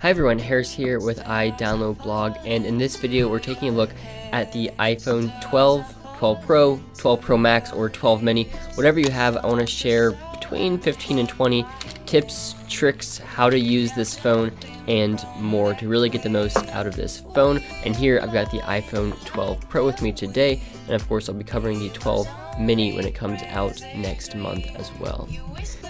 Hi everyone, Harris here with iDownloadBlog, and in this video we're taking a look at the iPhone 12, 12 Pro, 12 Pro Max, or 12 Mini, whatever you have, I want to share between 15 and 20 tips, tricks, how to use this phone, and more to really get the most out of this phone. And here I've got the iPhone 12 Pro with me today, and of course I'll be covering the 12 Mini when it comes out next month as well.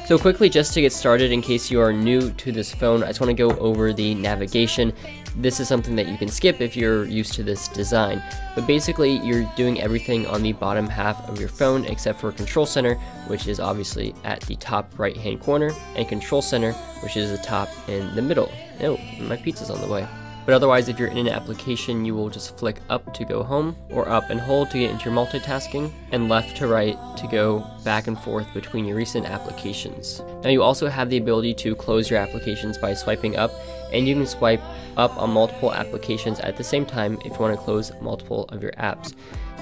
So quickly, just to get started, in case you are new to this phone, I just want to go over the navigation. This is something that you can skip if you're used to this design. But basically, you're doing everything on the bottom half of your phone except for Control Center, which is obviously at the top right hand corner, and Control Center, which is the top in the middle. Oh, my pizza's on the way. But otherwise, if you're in an application, you will just flick up to go home, or up and hold to get into your multitasking, and left to right to go back and forth between your recent applications. Now you also have the ability to close your applications by swiping up, and you can swipe up on multiple applications at the same time if you want to close multiple of your apps.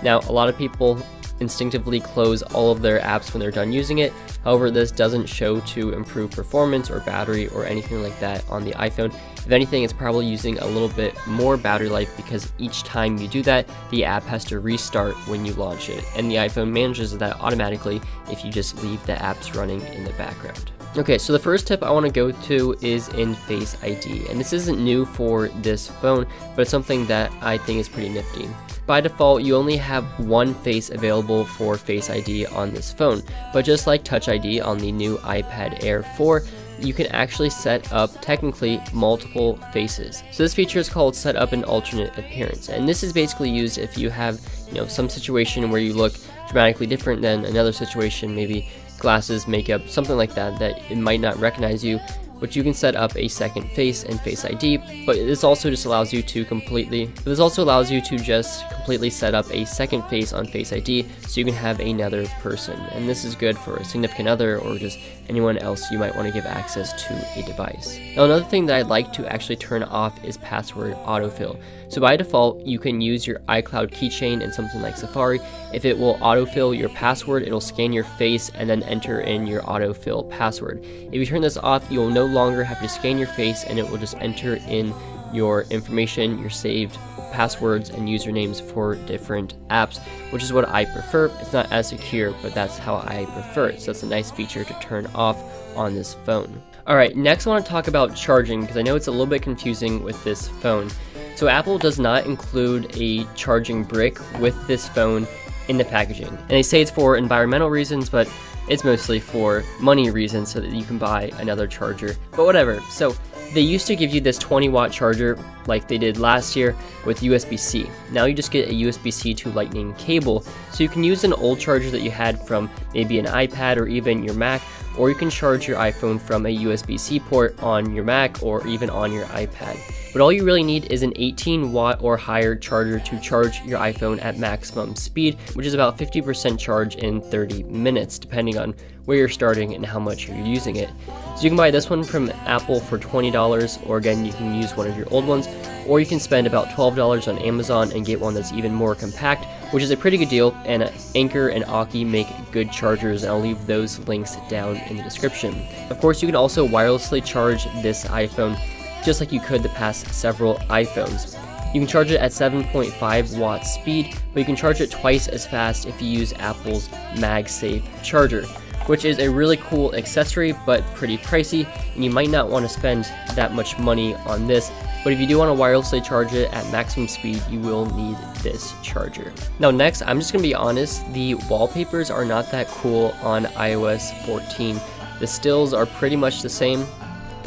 Now, a lot of people instinctively close all of their apps when they're done using it. However, this doesn't show to improve performance or battery or anything like that on the iPhone. If anything, it's probably using a little bit more battery life because each time you do that, the app has to restart when you launch it, and the iPhone manages that automatically if you just leave the apps running in the background. Okay, so the first tip I want to go to is in Face ID, and this isn't new for this phone, but it's something that I think is pretty nifty. By default, you only have one face available for Face ID on this phone, but just like Touch ID on the new iPad Air 4, you can actually set up technically multiple faces. So this feature is called set up an alternate appearance. And this is basically used if you have, you know, some situation where you look dramatically different than another situation, maybe glasses, makeup, something like that, that it might not recognize you which you can set up a second face and face ID, but this also just allows you to completely, this also allows you to just completely set up a second face on face ID so you can have another person. And this is good for a significant other or just anyone else you might want to give access to a device. Now another thing that I'd like to actually turn off is password autofill. So by default, you can use your iCloud keychain in something like Safari. If it will autofill your password, it'll scan your face and then enter in your autofill password. If you turn this off, you'll no longer have to scan your face and it will just enter in your information, your saved passwords and usernames for different apps, which is what I prefer. It's not as secure, but that's how I prefer it. So that's a nice feature to turn off on this phone. All right, next I wanna talk about charging because I know it's a little bit confusing with this phone. So Apple does not include a charging brick with this phone in the packaging. And they say it's for environmental reasons, but it's mostly for money reasons so that you can buy another charger, but whatever. So they used to give you this 20 watt charger like they did last year with USB C. Now you just get a USB C to Lightning cable. So you can use an old charger that you had from maybe an iPad or even your Mac, or you can charge your iPhone from a USB C port on your Mac or even on your iPad but all you really need is an 18 watt or higher charger to charge your iPhone at maximum speed, which is about 50% charge in 30 minutes, depending on where you're starting and how much you're using it. So you can buy this one from Apple for $20, or again, you can use one of your old ones, or you can spend about $12 on Amazon and get one that's even more compact, which is a pretty good deal, and Anchor and Aki make good chargers, and I'll leave those links down in the description. Of course, you can also wirelessly charge this iPhone just like you could the past several iPhones. You can charge it at 7.5 watt speed, but you can charge it twice as fast if you use Apple's MagSafe charger, which is a really cool accessory but pretty pricey, and you might not want to spend that much money on this, but if you do want to wirelessly charge it at maximum speed, you will need this charger. Now next, I'm just going to be honest, the wallpapers are not that cool on iOS 14. The stills are pretty much the same,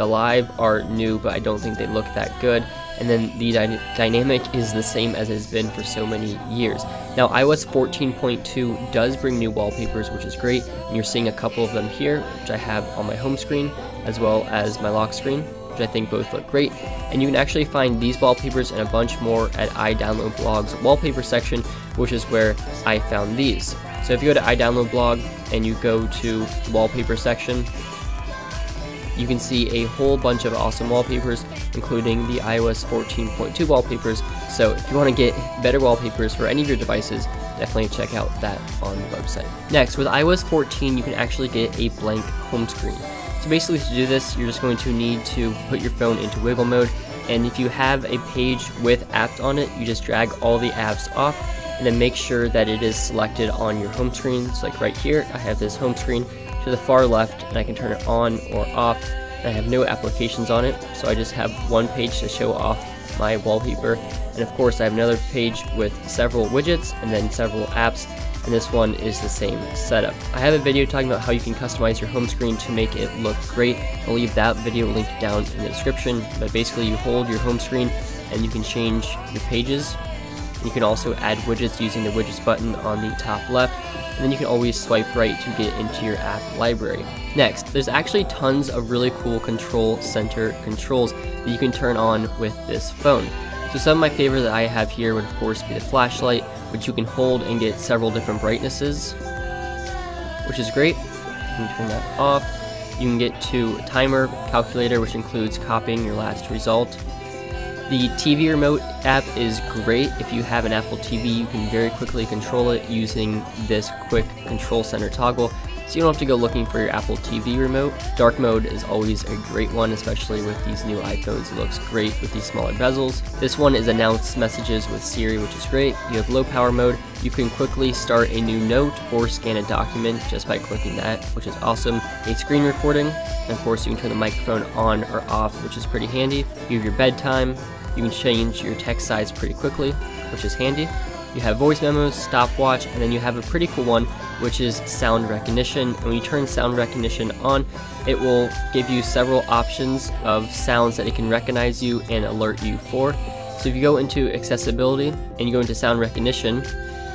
the live are new, but I don't think they look that good. And then the dy dynamic is the same as it has been for so many years. Now, iOS 14.2 does bring new wallpapers, which is great, and you're seeing a couple of them here, which I have on my home screen, as well as my lock screen, which I think both look great. And you can actually find these wallpapers and a bunch more at iDownloadBlog's wallpaper section, which is where I found these. So if you go to iDownloadBlog and you go to wallpaper section, you can see a whole bunch of awesome wallpapers, including the iOS 14.2 wallpapers. So if you want to get better wallpapers for any of your devices, definitely check out that on the website. Next, with iOS 14, you can actually get a blank home screen. So basically to do this, you're just going to need to put your phone into wiggle mode, and if you have a page with apps on it, you just drag all the apps off, and then make sure that it is selected on your home screen. So like right here, I have this home screen, to the far left and I can turn it on or off. I have no applications on it, so I just have one page to show off my wallpaper. And of course I have another page with several widgets and then several apps, and this one is the same setup. I have a video talking about how you can customize your home screen to make it look great. I'll leave that video linked down in the description, but basically you hold your home screen and you can change your pages. You can also add widgets using the widgets button on the top left and then you can always swipe right to get into your app library. Next, there's actually tons of really cool control center controls that you can turn on with this phone. So some of my favorites that I have here would of course be the flashlight, which you can hold and get several different brightnesses, which is great. You can turn that off. You can get to timer calculator, which includes copying your last result. The TV remote app is great. If you have an Apple TV, you can very quickly control it using this quick control center toggle, so you don't have to go looking for your Apple TV remote. Dark mode is always a great one, especially with these new iPhones. It looks great with these smaller bezels. This one is announce messages with Siri, which is great. You have low power mode. You can quickly start a new note or scan a document just by clicking that, which is awesome. A screen recording, and of course you can turn the microphone on or off, which is pretty handy. You have your bedtime, you can change your text size pretty quickly, which is handy. You have voice memos, stopwatch, and then you have a pretty cool one, which is sound recognition. And when you turn sound recognition on, it will give you several options of sounds that it can recognize you and alert you for. So if you go into accessibility and you go into sound recognition,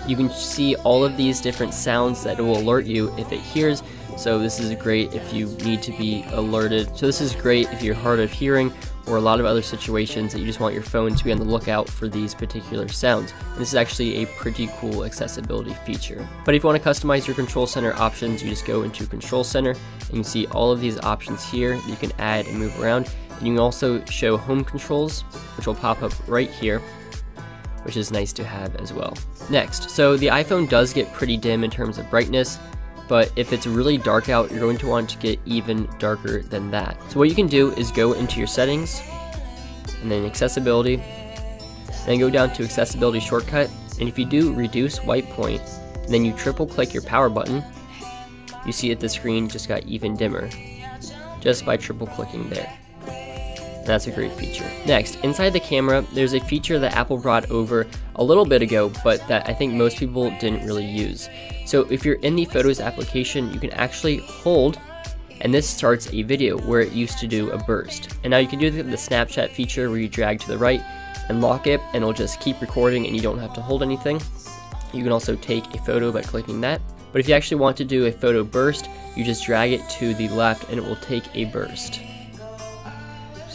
you can see all of these different sounds that it will alert you if it hears. So this is great if you need to be alerted. So this is great if you're hard of hearing or a lot of other situations that you just want your phone to be on the lookout for these particular sounds. And this is actually a pretty cool accessibility feature. But if you want to customize your control center options, you just go into control center and you see all of these options here that you can add and move around. And you can also show home controls, which will pop up right here which is nice to have as well. Next, so the iPhone does get pretty dim in terms of brightness, but if it's really dark out, you're going to want to get even darker than that. So what you can do is go into your settings, and then accessibility, then go down to accessibility shortcut, and if you do reduce white point, then you triple click your power button, you see that the screen just got even dimmer, just by triple clicking there. That's a great feature. Next, inside the camera, there's a feature that Apple brought over a little bit ago, but that I think most people didn't really use. So if you're in the Photos application, you can actually hold and this starts a video where it used to do a burst. And now you can do the Snapchat feature where you drag to the right and lock it and it'll just keep recording and you don't have to hold anything. You can also take a photo by clicking that. But if you actually want to do a photo burst, you just drag it to the left and it will take a burst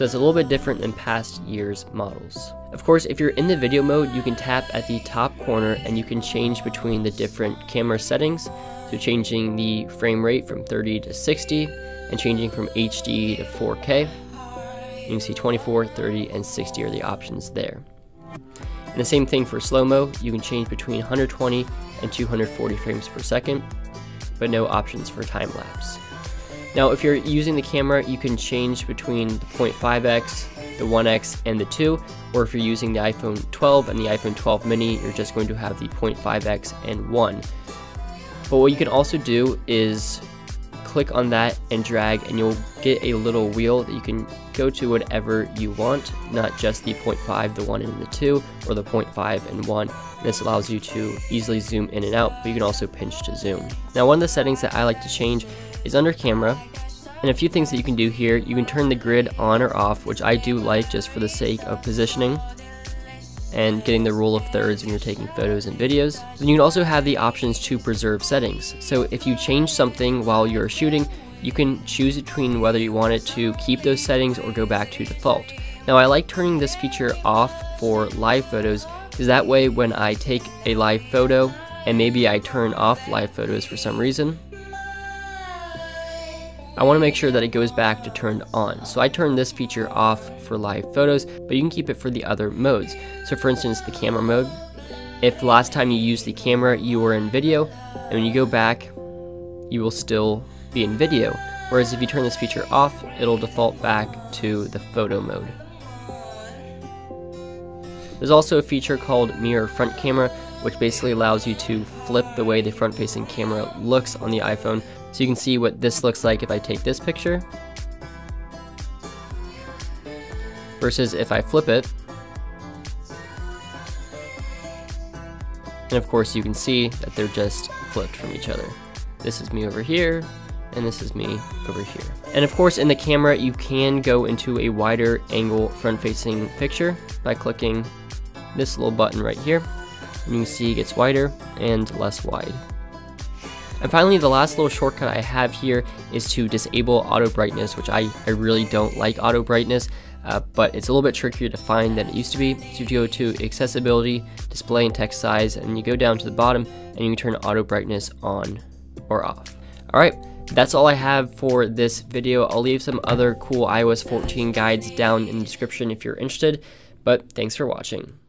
so it's a little bit different than past year's models. Of course, if you're in the video mode, you can tap at the top corner and you can change between the different camera settings, so changing the frame rate from 30 to 60 and changing from HD to 4K. You can see 24, 30, and 60 are the options there. And the same thing for slow-mo, you can change between 120 and 240 frames per second, but no options for time-lapse. Now if you're using the camera, you can change between the 0.5x, the 1x, and the 2, or if you're using the iPhone 12 and the iPhone 12 mini, you're just going to have the 0.5x and 1. But what you can also do is click on that and drag and you'll get a little wheel that you can go to whatever you want, not just the 0.5, the 1, and the 2, or the 0.5 and 1. And this allows you to easily zoom in and out, but you can also pinch to zoom. Now one of the settings that I like to change is under camera. And a few things that you can do here, you can turn the grid on or off, which I do like just for the sake of positioning and getting the rule of thirds when you're taking photos and videos. Then you can also have the options to preserve settings. So if you change something while you're shooting, you can choose between whether you want it to keep those settings or go back to default. Now I like turning this feature off for live photos because that way when I take a live photo and maybe I turn off live photos for some reason, I want to make sure that it goes back to turned on. So I turn this feature off for live photos, but you can keep it for the other modes. So for instance, the camera mode, if last time you used the camera, you were in video, and when you go back, you will still be in video. Whereas if you turn this feature off, it'll default back to the photo mode. There's also a feature called mirror front camera which basically allows you to flip the way the front facing camera looks on the iPhone. So you can see what this looks like if I take this picture versus if I flip it. And of course you can see that they're just flipped from each other. This is me over here, and this is me over here. And of course in the camera you can go into a wider angle front facing picture by clicking this little button right here and you can see it gets wider and less wide. And finally, the last little shortcut I have here is to disable auto brightness, which I, I really don't like auto brightness, uh, but it's a little bit trickier to find than it used to be. So you go to accessibility, display and text size, and you go down to the bottom and you can turn auto brightness on or off. All right, that's all I have for this video. I'll leave some other cool iOS 14 guides down in the description if you're interested, but thanks for watching.